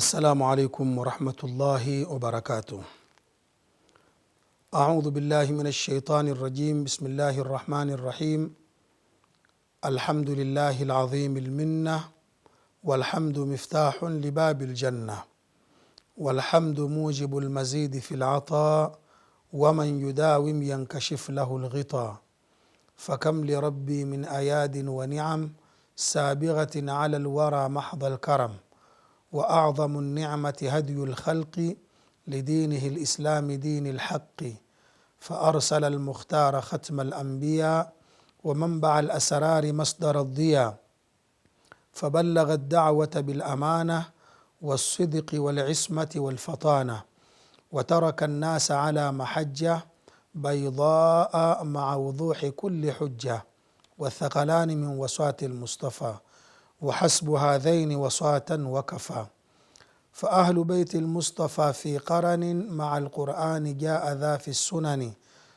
السلام عليكم ورحمة الله وبركاته أعوذ بالله من الشيطان الرجيم بسم الله الرحمن الرحيم الحمد لله العظيم المنة والحمد مفتاح لباب الجنة والحمد موجب المزيد في العطاء ومن يداوم ينكشف له الغطاء فكم لربي من أياد ونعم سابغة على الورى محض الكرم واعظم النعمه هدي الخلق لدينه الاسلام دين الحق فارسل المختار ختم الانبياء ومنبع الاسرار مصدر الضياء فبلغ الدعوه بالامانه والصدق والعصمه والفطانه وترك الناس على محجه بيضاء مع وضوح كل حجه والثقلان من وصاه المصطفى وحسب هذين وصاة وكفى فأهل بيت المصطفى في قرن مع القرآن جاء ذا في السنن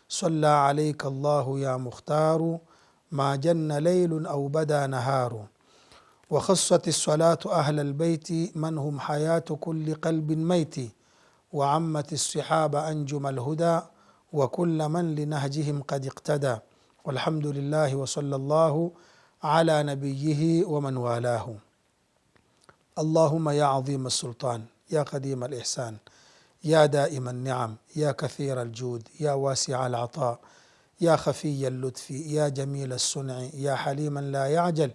صلى عليك الله يا مختار ما جن ليل أو بدا نهار وخصت الصلاة أهل البيت من هم حياة كل قلب ميت وعمت الصحاب أنجم الهدى وكل من لنهجهم قد اقتدى والحمد لله وصلى الله على نبيه ومن والاه اللهم يا عظيم السلطان يا قديم الإحسان يا دائم النعم يا كثير الجود يا واسع العطاء يا خفي اللطف يا جميل الصنع يا حليما لا يعجل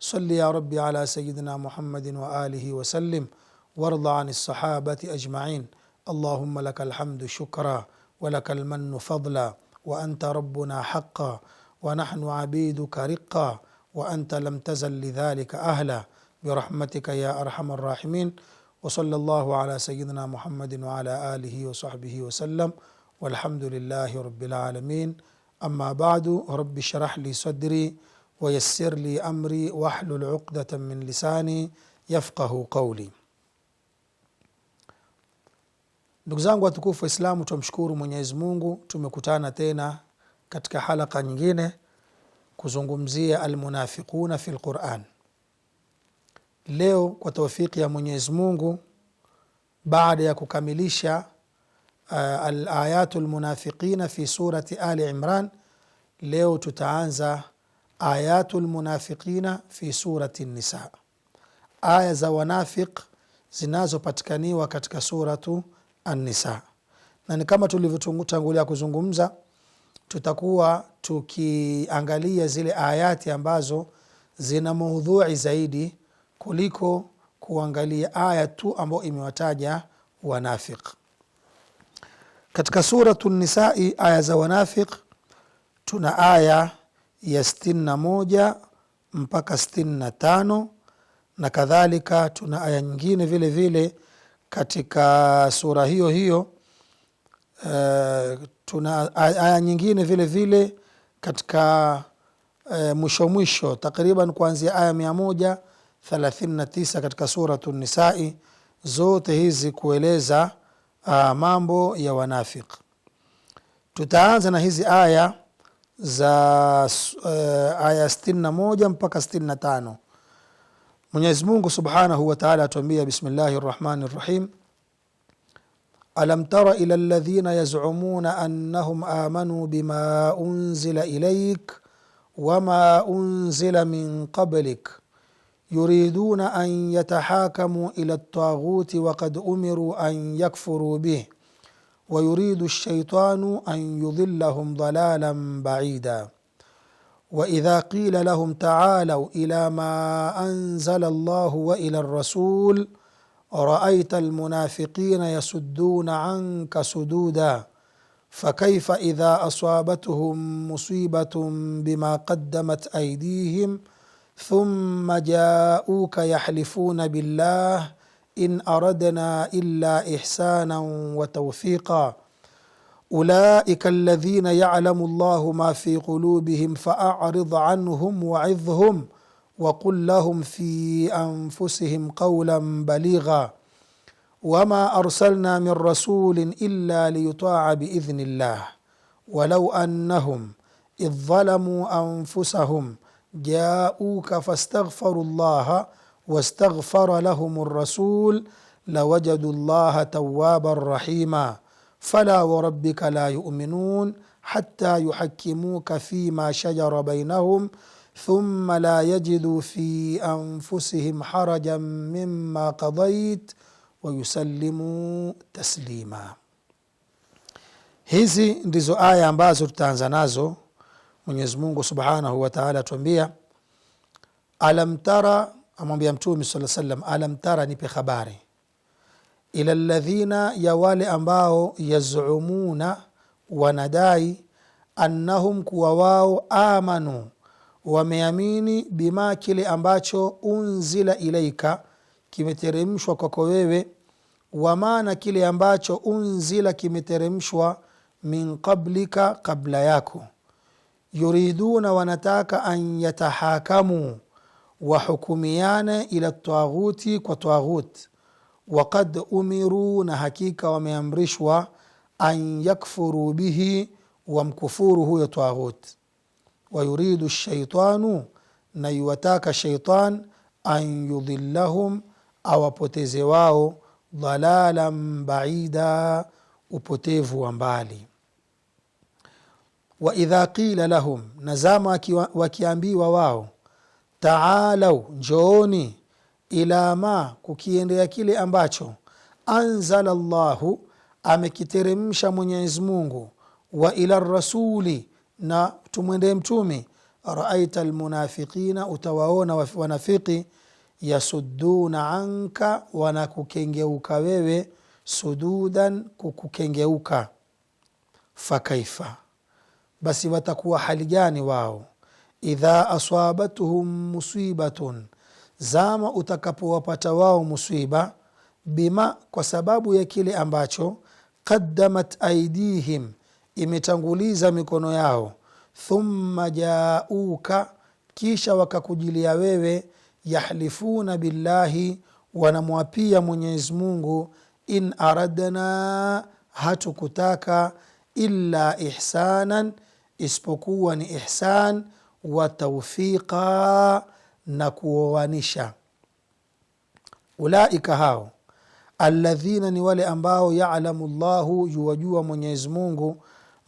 صل يا ربي على سيدنا محمد وآله وسلم وارض عن الصحابة أجمعين اللهم لك الحمد شكرا ولك المن فضلا وأنت ربنا حقا ونحن عبيدك رقا وأنت لم تزل لذلك أهلا برحمتك يا أرحم الراحمين وصلى الله على سيدنا محمد وعلى آله وصحبه وسلم والحمد لله رب العالمين أما بعد رب اشرح لي صدري ويسر لي أمري واحلل عقدة من لساني يفقه قولي Ndugu zangu watukufu Waislamu, tumshukuru Mwenyezi Mungu, tumekutana tena katika halaka nyingine kuzungumzia almunafiquna fi lquran. Leo kwa taufiki ya Mwenyezi Mungu, baada ya kukamilisha uh, alayatu lmunafiqina fi surati Ali Imran, leo tutaanza ayatu lmunafiqina fi surati Nisa, aya za wanafiq zinazopatikaniwa katika suratu Annisa, na ni kama tulivyotangulia kuzungumza tutakuwa tukiangalia zile ayati ambazo zina maudhui zaidi kuliko kuangalia aya tu ambayo imewataja wanafiq katika suratu Nisai. Aya za wanafiq tuna aya ya 61 na moja mpaka 65 na tano na kadhalika. Tuna aya nyingine vile vile katika sura hiyo hiyo uh, tuna aya nyingine vile vile katika e, mwisho mwisho takriban kuanzia aya mia moja thelathini na tisa katika suratu Nisai, zote hizi kueleza a, ah, mambo ya wanafiq. Tutaanza na hizi aya za e, aya sitini na moja mpaka sitini na tano. Mwenyezi Mungu subhanahu wa taala atuambia, bismillahi rahmani rahim الم تر الى الذين يزعمون انهم امنوا بما انزل اليك وما انزل من قبلك يريدون ان يتحاكموا الى الطاغوت وقد امروا ان يكفروا به ويريد الشيطان ان يضلهم ضلالا بعيدا واذا قيل لهم تعالوا الى ما انزل الله والى الرسول رايت المنافقين يسدون عنك سدودا فكيف اذا اصابتهم مصيبه بما قدمت ايديهم ثم جاءوك يحلفون بالله ان اردنا الا احسانا وتوفيقا اولئك الذين يعلم الله ما في قلوبهم فاعرض عنهم وعظهم وقل لهم في انفسهم قولا بليغا وما ارسلنا من رسول الا ليطاع باذن الله ولو انهم اذ ظلموا انفسهم جاءوك فاستغفروا الله واستغفر لهم الرسول لوجدوا الله توابا رحيما فلا وربك لا يؤمنون حتى يحكموك فيما شجر بينهم ثم la يجدوا fi أنفسهم حرجا mima قضيت wayusallimu taslima. Hizi ndizo aya ambazo tutaanza nazo. Mwenyezi Mungu subhanahu wa taala atuambia, alam tara, amwambia Mtume sala salam, alam tara, nipe habari, ila ladhina, ya wale ambao yazumuna wanadai, annahum, kuwa wao amanu wameamini bima, kile ambacho unzila ilaika, kimeteremshwa kwako wewe, wamana, kile ambacho unzila kimeteremshwa min qablika, kabla yako, yuriduna, wanataka an yatahakamu, wahukumiane ila taghuti, kwa taghut wakad umiru na hakika wameamrishwa an yakfuru bihi, wamkufuru huyo taghuti wayuridu shaitanu, na iwataka shaitan an yudhillahum, awapoteze wao dhalalan baida, upotevu wa mbali. Waidha qila lahum, nazama wakiambiwa wao taalau, njooni ila ma, kukiendea kile ambacho anzala llahu, amekiteremsha Mwenyezi Mungu, wa ila rasuli na tumwendee mtume raaita lmunafiqina utawaona wanafiki yasuduna anka wanakukengeuka wewe sududan kukukengeuka fakaifa basi watakuwa hali gani wao idha asabathum musibatun zama utakapowapata wao musiba bima kwa sababu ya kile ambacho qaddamat aidihim imetanguliza mikono yao, thumma jauka, kisha wakakujilia wewe, yahlifuna billahi, wanamwapia Mwenyezi Mungu, in aradna, hatukutaka illa ihsanan, isipokuwa ni ihsan wa taufiqa, na kuoanisha. Ulaika hao alladhina, ni wale ambao yalamu llahu, yuwajua Mwenyezi Mungu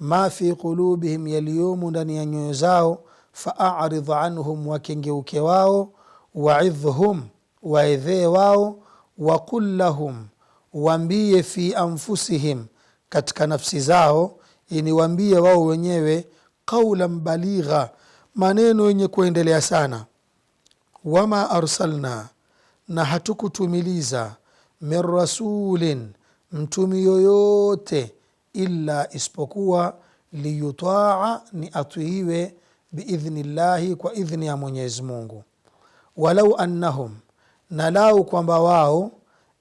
ma fi qulubihim, yaliyomo ndani ya nyoyo zao. Faaridh anhum, wakengeuke wao. Waidhhum, waedhee wao. Waqul lahum, waambie. Fi anfusihim, katika nafsi zao, yani wambie wao wenyewe. Qaulan baligha, maneno yenye kuendelea sana. Wama arsalna, na hatukutumiliza. Min rasulin, mtumi yoyote illa isipokuwa liyutaa ni atwiiwe biidhni llahi kwa idhni ya Mwenyezi Mungu. Walau annahum, na lau kwamba wao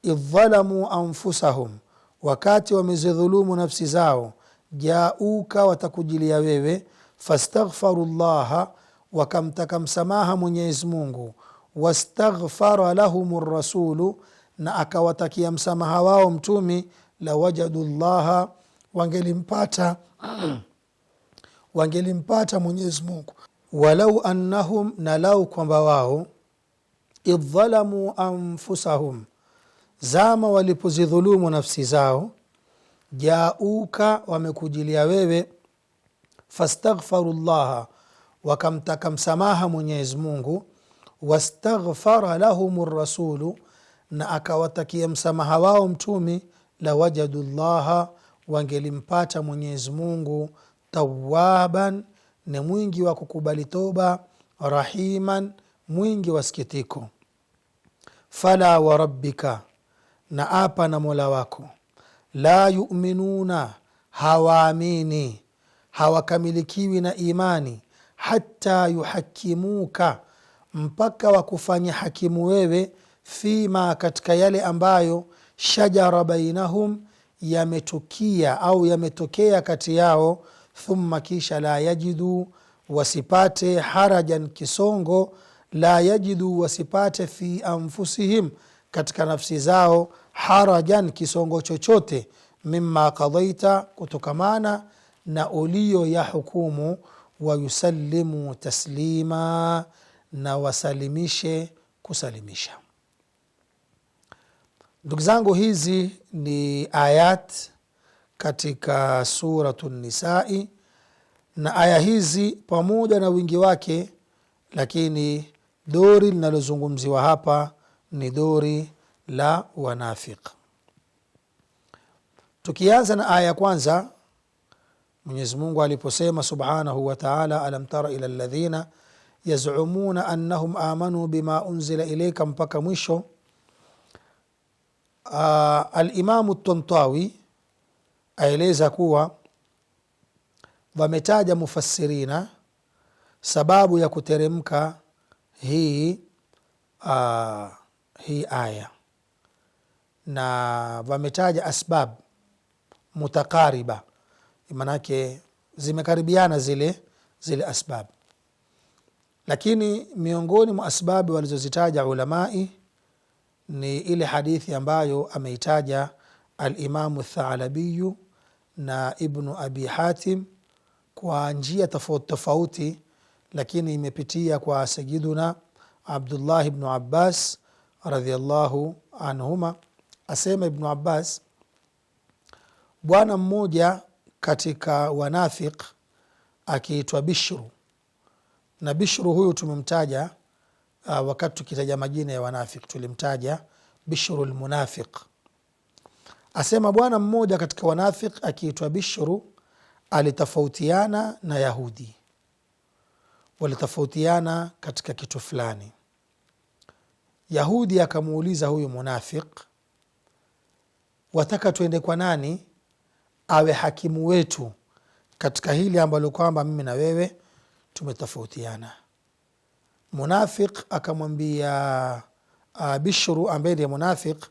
idhalamu anfusahum, wakati wamezidhulumu nafsi zao, jauka watakujilia wewe, fastaghfaru llaha, wakamtaka msamaha Mwenyezi Mungu, wastaghfara lahum rasulu, na akawatakia msamaha wao mtumi, lawajadu llaha wangelimpata wangelimpata Mwenyezi Mungu, walau annahum, na lau kwamba wao idhalamu anfusahum, zama walipozidhulumu nafsi zao, jauka, wamekujilia wewe, fastaghfaru llaha, wakamtaka msamaha Mwenyezi Mungu, wastaghfara lahum rasulu, na akawatakia msamaha wao mtumi, lawajadu llaha wangelimpata Mwenyezi Mungu tawaban, ni mwingi wa kukubali toba, rahiman, mwingi wa sikitiko. Fala warabbika, na apa na mola wako, la yuminuna, hawaamini hawakamilikiwi na imani, hata yuhakimuka, mpaka wakufanya hakimu wewe, fima, katika yale ambayo shajara bainahum yametukia au yametokea kati yao, thumma kisha, la yajidu wasipate, harajan kisongo, la yajidu wasipate, fi anfusihim, katika nafsi zao, harajan kisongo chochote, mima qadaita, kutokamana na ulio ya hukumu, wayusalimu taslima, na wasalimishe kusalimisha. Ndugu zangu, hizi ni ayat katika suratu Nisai, na aya hizi pamoja na wingi wake, lakini dori linalozungumziwa hapa ni dori la wanafiq. Tukianza na aya ya kwanza, Mwenyezi Mungu aliposema subhanahu wa taala, alam tara ila ladhina yazumuna annahum amanu bima unzila ilaika, mpaka mwisho Ah, alimamu tontawi aeleza kuwa wametaja mufasirina sababu ya kuteremka hii uh, hii aya na wametaja asbab mutakariba, manake zimekaribiana zile zile asbab, lakini miongoni mwa asbabu walizozitaja ulamai ni ile hadithi ambayo ameitaja Alimamu Thalabiyu na Ibnu Abi Hatim kwa njia tofauti tofauti, lakini imepitia kwa Sayiduna Abdullah Ibnu Abbas radhiallahu anhuma. Asema Ibnu Abbas, bwana mmoja katika wanafiq akiitwa Bishru, na Bishru huyu tumemtaja uh, wakati tukitaja majina ya wanafiki tulimtaja Bishru lmunafiq, asema bwana mmoja katika wanafik akiitwa Bishru alitofautiana na Yahudi, walitofautiana katika kitu fulani. Yahudi akamuuliza huyu munafiq, wataka tuende kwa nani awe hakimu wetu katika hili ambalo kwamba mimi na wewe tumetofautiana? Munafiq akamwambia uh, Bishru ambaye ndiye munafiq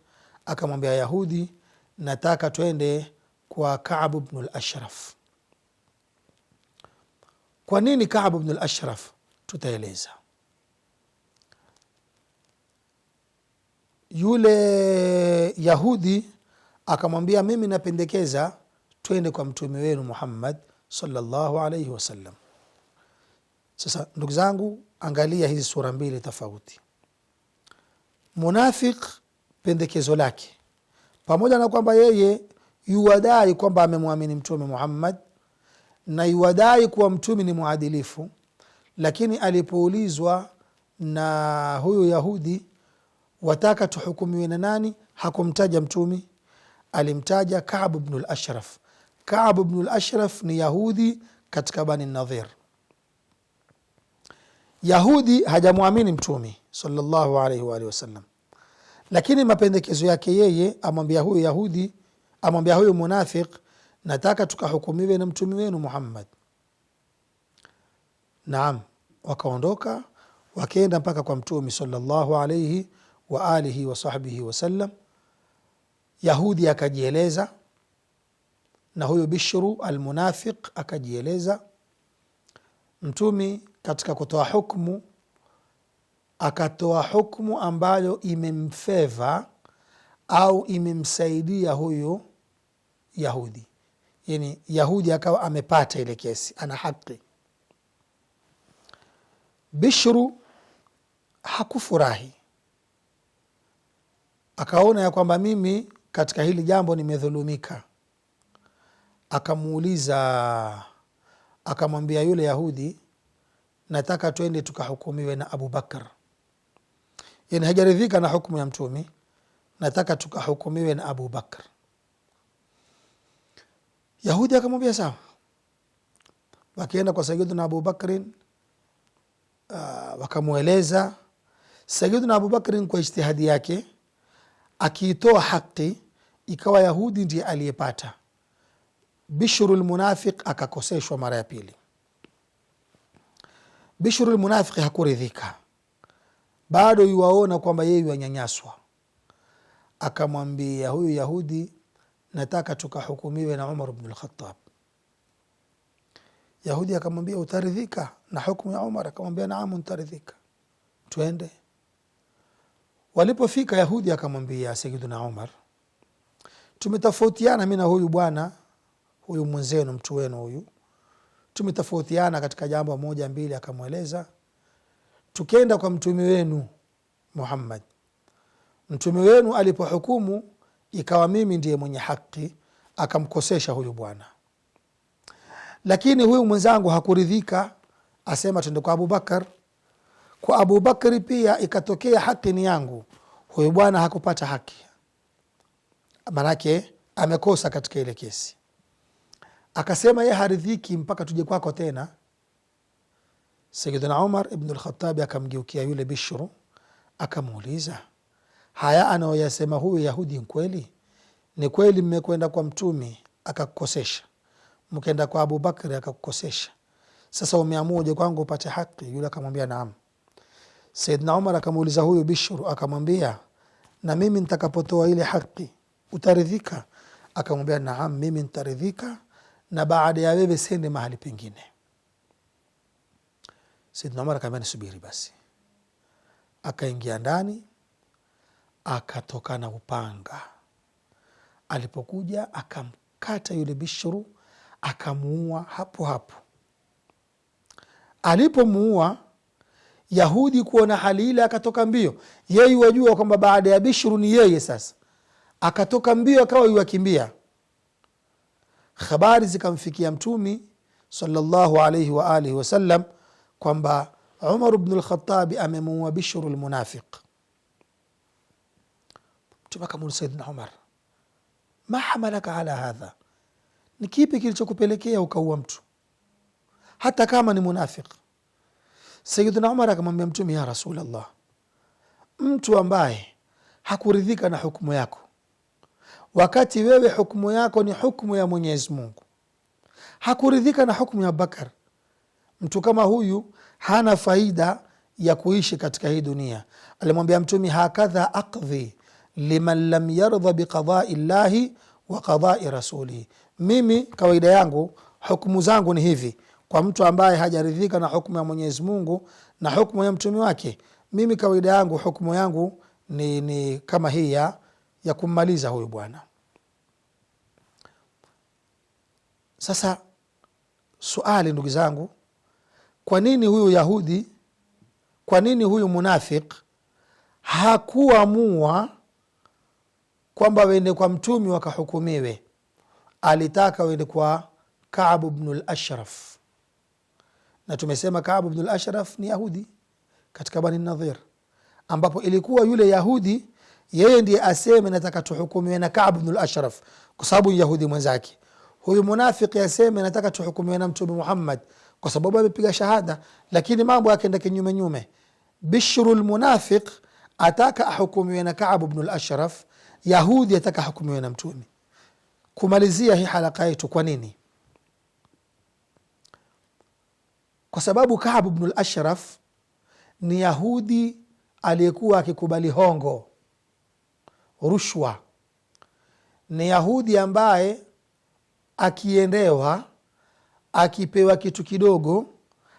akamwambia Yahudi, nataka twende kwa Kaabu bnu Lashraf. Kwa nini Kaabu bnu Lashraf? Tutaeleza. Yule Yahudi akamwambia, mimi napendekeza twende kwa mtume wenu Muhammad sallallahu alaihi wasallam. Sasa ndugu zangu Angalia hizi sura mbili tofauti. munafik pendekezo lake, pamoja na kwamba yeye yuwadai kwamba amemwamini Mtume Muhammad na yuwadai kuwa Mtume ni mwadilifu, lakini alipoulizwa na huyu Yahudi, wataka tuhukumiwe na nani? Hakumtaja Mtume, alimtaja Kabu bnu Lashraf. Kabu bnu Lashraf ni Yahudi katika Bani Nadhir. Yahudi hajamwamini Mtume sallallahu alaihi wa alihi wasallam, lakini mapendekezo yake yeye amwambia huyo Yahudi, amwambia huyo munafik nataka tukahukumiwe na mtume wenu Muhammad. Naam, wakaondoka wakaenda mpaka kwa Mtume sallallahu alaihi wa alihi wasahbihi wasallam. Yahudi akajieleza na huyo Bishru almunafiq akajieleza. Mtume katika kutoa hukmu akatoa hukmu ambayo imemfeva au imemsaidia huyu Yahudi, yani Yahudi akawa amepata ile kesi, ana haki. Bishru hakufurahi, akaona ya kwamba mimi katika hili jambo nimedhulumika. Akamuuliza, akamwambia yule Yahudi nataka twende tukahukumiwe na Abubakar, yani hajaridhika na hukmu ya Mtumi, nataka tukahukumiwe na Abubakar. Yahudi akamwambia sawa, wakienda kwa Sayiduna Abubakrin. Uh, wakamweleza Sayiduna Abubakrin kwa ijtihadi yake akiitoa haqi ikawa Yahudi ndiye aliyepata. Bishru lmunafiq akakoseshwa mara ya pili. Bishru lmunafiki hakuridhika, bado yuwaona kwamba yeye yuwanyanyaswa. Akamwambia huyu Yahudi, nataka tukahukumiwe na Umar bnu Lkhatab. Yahudi akamwambia utaridhika na hukmu ya Umar? Akamwambia naamu, ntaridhika, twende. Walipofika Yahudi akamwambia Sayiduna Umar, tumetofautiana mi na huyu bwana huyu mwenzenu, mtu wenu huyu tumetofautiana katika jambo moja mbili, akamweleza. Tukenda kwa mtume wenu Muhammad, mtume wenu alipohukumu ikawa mimi ndiye mwenye haki, akamkosesha huyu bwana, lakini huyu mwenzangu hakuridhika, asema twende kwa Abubakar. Kwa Abubakari pia ikatokea haki ni yangu, huyu bwana hakupata haki, manake amekosa katika ile kesi akasema ye haridhiki mpaka tuje kwako tena. Sayidina Umar ibn Lkhatabi akamgeukia yule Bishru akamuuliza, haya anayoyasema huyu Yahudi nkweli? Ni kweli mmekwenda kwa Mtumi akakukosesha, mkenda kwa Abubakri akakukosesha, sasa umeamua uje kwangu upate haki? Yule akamwambia naam. Sayidina Umar akamuuliza huyu Bishru akamwambia, na mimi ntakapotoa ile haki utaridhika? Akamwambia naam, mimi ntaridhika na baada ya wewe sende mahali pengine. Sidna Umar akaambia nisubiri basi, akaingia ndani akatoka na upanga. Alipokuja akamkata yule Bishru akamuua hapo hapo. Alipomuua Yahudi kuona hali ile, akatoka mbio. Yeye wajua kwamba baada ya Bishru ni yeye sasa, akatoka mbio akawa yuwakimbia habari zikamfikia Mtumi sallallahu alaihi wa alihi wasallam kwamba umaru bnu lkhatabi amemuua Bishru lmunafiq. Mtume akamuuliza Saidina Umar, ma hamalaka ala hadha, ni kipi kilichokupelekea ukaua mtu hata kama ni munafiq? sayidna Umar akamwambia Mtume, ya rasul llah mtu ambaye hakuridhika na hukumu yako wakati wewe hukumu yako ni hukumu ya Mwenyezi Mungu. Hakuridhika na hukumu ya Abubakar, mtu kama huyu hana faida ya kuishi katika hii dunia. Alimwambia Mtumi, hakadha aqdhi liman lam yardha biqadai llahi wa qadai rasulihi, mimi kawaida yangu hukumu zangu ni hivi kwa mtu ambaye hajaridhika na hukumu ya Mwenyezi Mungu na hukumu ya mtumi wake, mimi kawaida yangu hukumu yangu ni, ni kama hii ya kummaliza huyu bwana. Sasa suali, ndugu zangu, kwa nini huyu Yahudi, kwa nini huyu munafiq hakuamua kwamba wende kwa mtumi wakahukumiwe? Alitaka wende kwa kabu bnu Lashraf, na tumesema kabu bnu Lashraf ni Yahudi katika Bani Nadhir, ambapo ilikuwa yule Yahudi yeye ndiye aseme nataka tuhukumiwe na kabu bnu Lashraf kwa sababu Yahudi mwenzake huyu munafiki aseme nataka tuhukumiwe na Mtume Muhammad kwa sababu amepiga shahada, lakini mambo yakaenda kinyume nyume. Bishru lmunafiq ataka ahukumiwe na Kaabu bnu Lashraf, Yahudi ataka ahukumiwe na Mtume. Kumalizia hii halaka yetu, kwa nini? Kwa sababu Kaabu bnu Lashraf ni Yahudi aliyekuwa akikubali hongo, rushwa, ni Yahudi ambaye akiendewa akipewa kitu kidogo,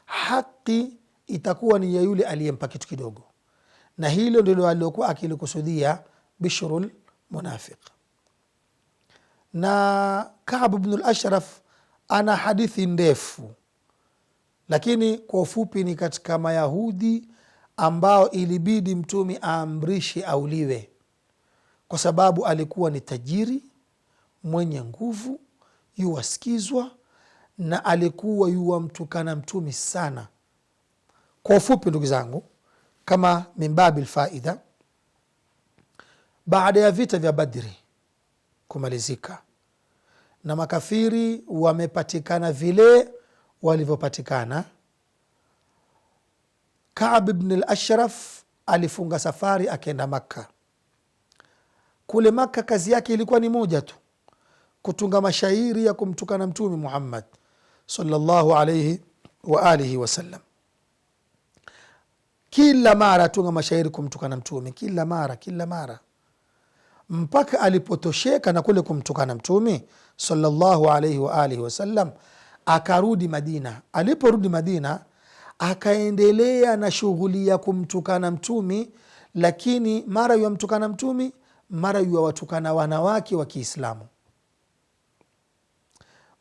haki itakuwa ni ya yule aliyempa kitu kidogo, na hilo ndilo aliokuwa akilikusudia Bishrul Munafiq. Na kabu bnul Ashraf ana hadithi ndefu, lakini kwa ufupi ni katika Mayahudi ambao ilibidi Mtume aamrishe auliwe, kwa sababu alikuwa ni tajiri mwenye nguvu yuwasikizwa na alikuwa yuwamtukana mtumi sana. Kwa ufupi, ndugu zangu, kama mimbabi lfaida, baada ya vita vya Badri kumalizika na makafiri wamepatikana vile walivyopatikana, Kab bni al-Ashraf alifunga safari akenda Makka. Kule Makka kazi yake ilikuwa ni moja tu kutunga mashairi ya kumtukana Mtume Muhammad sallallahu alaihi wa alihi wasallam. Kila mara atunga mashairi kumtukana Mtume, kila mara, kila mara mpaka alipotosheka na kule kumtukana Mtume sallallahu alaihi wa alihi wasallam, akarudi Madina. Aliporudi Madina, akaendelea na shughuli ya kumtukana Mtume, lakini mara yuwamtukana Mtume, mara yuwawatukana wanawake wa Kiislamu.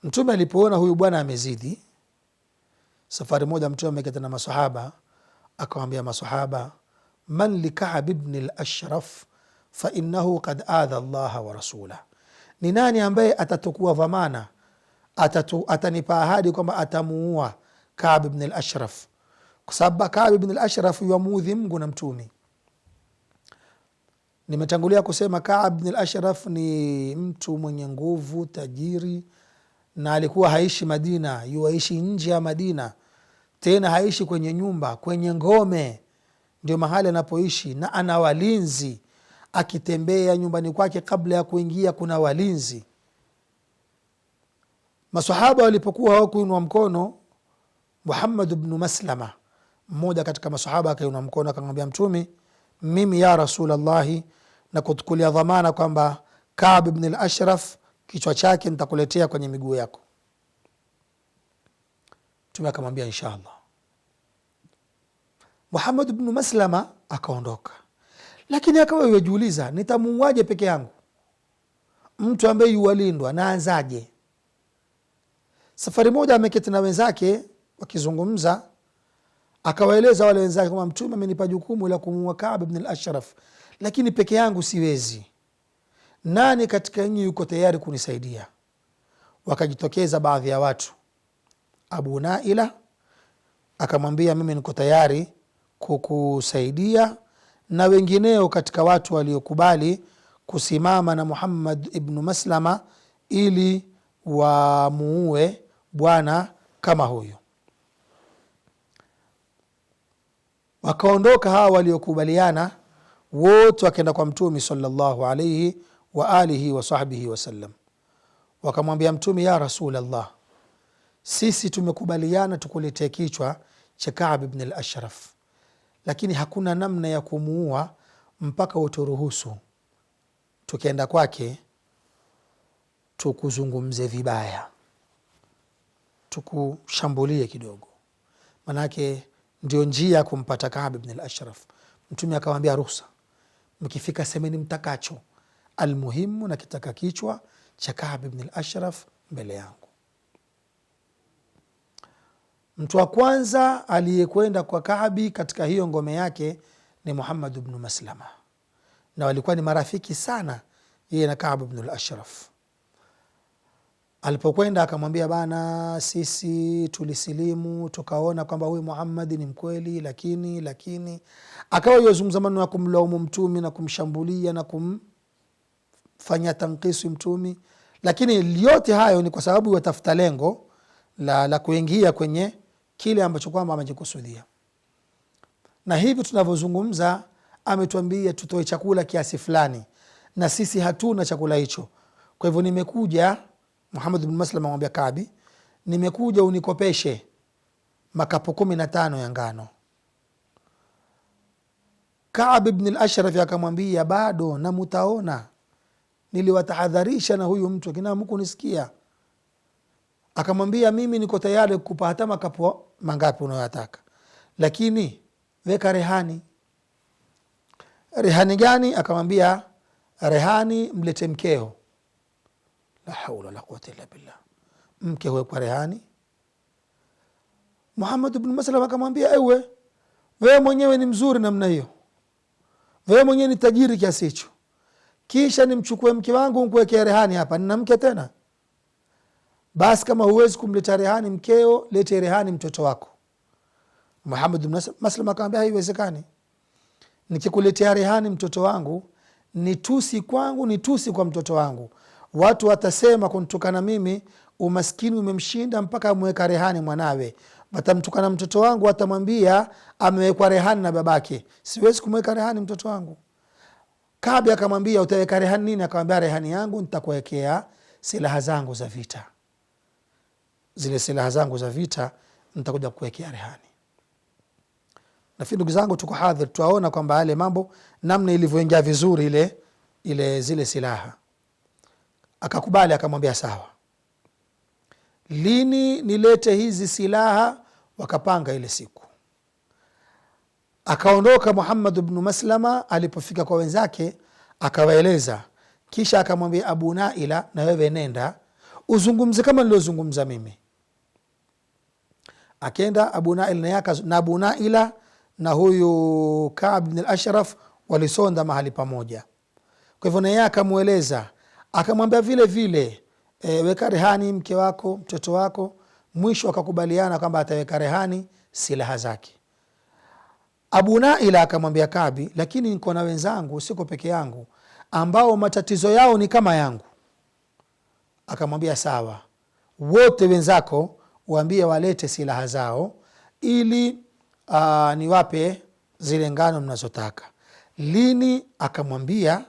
Mtume alipoona huyu bwana amezidi, safari moja Mtume ameketa na masahaba akawambia masahaba, man likaab bni lashraf fainahu kad adha llaha wa rasula, ni nani ambaye atatukua dhamana atatu, atanipa ahadi kwamba atamuua Kaab bni lashraf kwa sababu Kaab bni lashraf yamuudhi Mungu na Mtume. Nimetangulia kusema Kaab bn lashraf ni mtu mwenye nguvu, tajiri na alikuwa haishi Madina, yuwaishi nje ya Madina, tena haishi kwenye nyumba, kwenye ngome ndio mahali anapoishi, na ana walinzi. Akitembea nyumbani kwake, kabla ya kuingia kuna walinzi. Masahaba walipokuwa hawakuinwa mkono, muhamadu bnu Maslama, mmoja katika masahaba, akainwa mkono akamwambia mtumi mimi ya rasulllahi nakutukulia na dhamana kwamba Kab bnlashraf Lashraf kichwa chake nitakuletea kwenye miguu yako. Mtume akamwambia inshallah. Muhammad bnu Maslama akaondoka, lakini akawa iwejiuliza, nitamuuaje peke yangu? Mtu ambaye yuwalindwa naanzaje? Safari moja ameketi na wenzake wakizungumza, akawaeleza wale wenzake kwamba Mtume amenipa jukumu la kumuua kabu bn al Ashraf, lakini peke yangu siwezi nani katika nyi yuko tayari kunisaidia? Wakajitokeza baadhi ya watu. Abu Naila akamwambia mimi niko tayari kukusaidia, na wengineo katika watu waliokubali kusimama na Muhammad ibnu Maslama ili wamuue bwana kama huyu. Wakaondoka hawa waliokubaliana wote, wakaenda kwa mtumi salllahu alaihi wa alihi wa sahbihi wasallam. Wakamwambia Mtume, ya llah sisi tumekubaliana tukuletee kichwa cha kabi bn lashraf Ashraf, lakini hakuna namna ya kumuua mpaka uturuhusu tukienda kwake tukuzungumze vibaya, tukushambulie kidogo, manake ndio njia ya kumpata Kaab bn lashraf Mtume akawambia ruhsa mkifika semeni mtakacho almuhimu na kitaka kichwa cha Kaab ibn lashraf mbele yangu. Mtu wa kwanza aliyekwenda kwa Kaabi katika hiyo ngome yake ni Muhammad bnu Maslama, na walikuwa ni marafiki sana yeye na Kaab bnu Lashraf. Alipokwenda akamwambia, bana, sisi tulisilimu tukaona kwamba huyu muhamadi ni mkweli, lakini lakini akawa yozungumza maneno ya kumlaumu mtumi na kumshambulia na kum fanya tankisi mtumi, lakini yote hayo ni kwa sababu watafuta lengo la, la kuingia kwenye kile ambacho kwamba amejikusudia. Na hivi tunavyozungumza, ametuambia tutoe chakula kiasi fulani, na sisi hatuna chakula hicho. Kwa hivyo nimekuja, Muhammad bin Maslam amwambia Kabi, nimekuja unikopeshe makapo kumi na tano ya ngano. Kaab ibn al-Ashraf akamwambia bado namutaona niliwatahadharisha na huyu mtu, akina hamkunisikia. Akamwambia, mimi niko tayari kupa hata makapo mangapi unayoyataka, lakini weka rehani. Rehani gani? Akamwambia, rehani mlete mkeo. La haula wala quwata illa billah, mke huwekwa rehani. Muhamad bnu masalam akamwambia, ewe wewe mwenyewe ni mzuri namna hiyo, wewe mwenyewe ni tajiri kiasi hicho kisha nimchukue mke wangu nkuwekea rehani hapa, nina mke tena. Basi kama huwezi kumleta rehani mkeo, lete rehani mtoto wako. Muhammad Maslam akamwambia haiwezekani, nikikuletea rehani mtoto wangu ni tusi kwangu, ni tusi kwa mtoto wangu, watu watasema kuntukana mimi, umaskini umemshinda mpaka amweka rehani mwanawe. Watamtukana mtoto wangu, watamwambia amewekwa rehani na babake. Siwezi kumweka rehani mtoto wangu. Kabi akamwambia utaweka rehani nini? Akamwambia rehani yangu ntakuwekea silaha zangu za vita, zile silaha zangu za vita ntakuja kuwekea rehani. Nafikiri ndugu zangu, tuko hadhir, tuaona kwamba yale mambo namna ilivyoingia vizuri ile, ile zile silaha. Akakubali, akamwambia sawa, lini nilete hizi silaha? Wakapanga ile siku Akaondoka Muhammad bnu Maslama, alipofika kwa wenzake akawaeleza, kisha akamwambia Abu Naila, na wewe nenda uzungumze kama niliozungumza mimi. Akenda Abu Naila na Abu Naila na huyu Kaab bn lashraf walisonda mahali pamoja. Kwa hivyo naye akamweleza akamwambia vile vile e, weka rehani mke wako, mtoto wako. Mwisho akakubaliana kwamba ataweka rehani silaha zake. Abu Naila akamwambia Kabi, lakini niko na wenzangu, siko peke yangu, ambao matatizo yao ni kama yangu. Akamwambia sawa, wote wenzako waambie walete silaha zao ili uh, niwape zile ngano mnazotaka. Lini? Akamwambia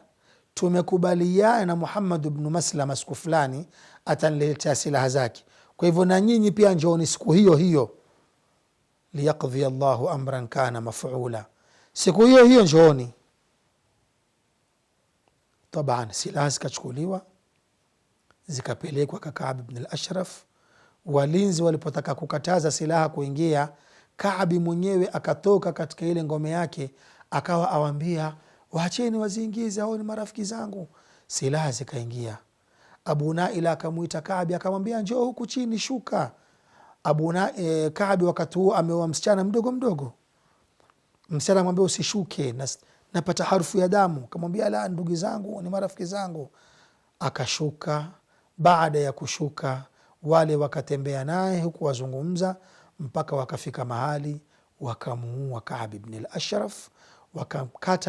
tumekubaliana na muhammadu bnu Maslama, siku fulani ataniletea silaha zake. Kwa hivyo na nyinyi pia njooni siku hiyo hiyo liyaqdhia llahu amran kana mafuula, siku hiyo hiyo njooni. Taban, silaha zikachukuliwa zikapelekwa ka Kaabi bn Lashraf. Walinzi walipotaka kukataza silaha kuingia, Kaabi mwenyewe akatoka katika ile ngome yake, akawa awambia wacheni waziingize, au ni marafiki zangu. Silaha zikaingia. Abu Naila akamwita Kaabi akamwambia, njoo huku chini, shuka Abu e, eh, Kaabi wakati huo ameoa msichana mdogo mdogo. Msichana amwambia usishuke, nas, napata harufu ya damu. Kamwambia la, ndugu zangu ni marafiki zangu. Akashuka. Baada ya kushuka, wale wakatembea naye huku wazungumza mpaka wakafika mahali wakamuua Kaabi bni l Ashraf,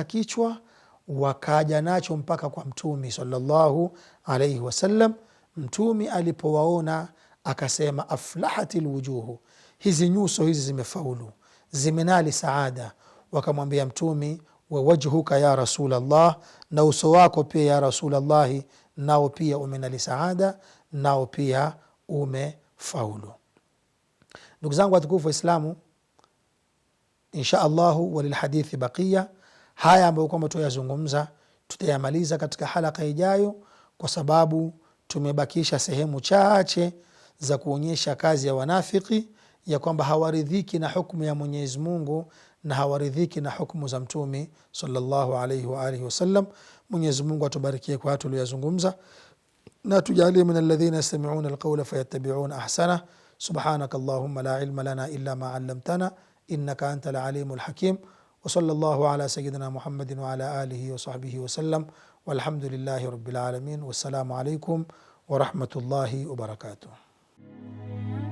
kichwa, wakaja nacho mpaka kwa Mtumi sallallahu alaihi wasallam. Mtumi alipowaona akasema aflahat lwujuhu, hizi nyuso hizi zimefaulu, zimenali saada. Wakamwambia Mtumi, wawajhuka wajhuka ya Rasulallah, na uso wako pia ya Rasulallahi, nao pia umenali saada, nao pia umefaulu. Ndugu zangu watukufu Waislamu, insha allahu walilhadithi baqiya. Haya ambayo kwamba tuyazungumza tutayamaliza katika halaka ijayo, kwa sababu tumebakisha sehemu chache za kuonyesha kazi ya wanafiki ya kwamba hawaridhiki na hukmu ya Mwenyezi Mungu na hawaridhiki na hukmu za Mtume sallallahu alaihi wa alihi wasallam. Mwenyezi Mungu atubarikie kwa tuliyozungumza na tujalie min alladhina yastami'una alqawla fayatabiuna ahsana. Subhanaka allahumma la ilma lana illa ma 'allamtana innaka antal alimul hakim wa sallallahu ala sayyidina Muhammadin wa ala alihi wa sahbihi wa sallam walhamdulillahi rabbil alamin. Wassalamu alaykum wa rahmatullahi wa barakatuh. Thank you.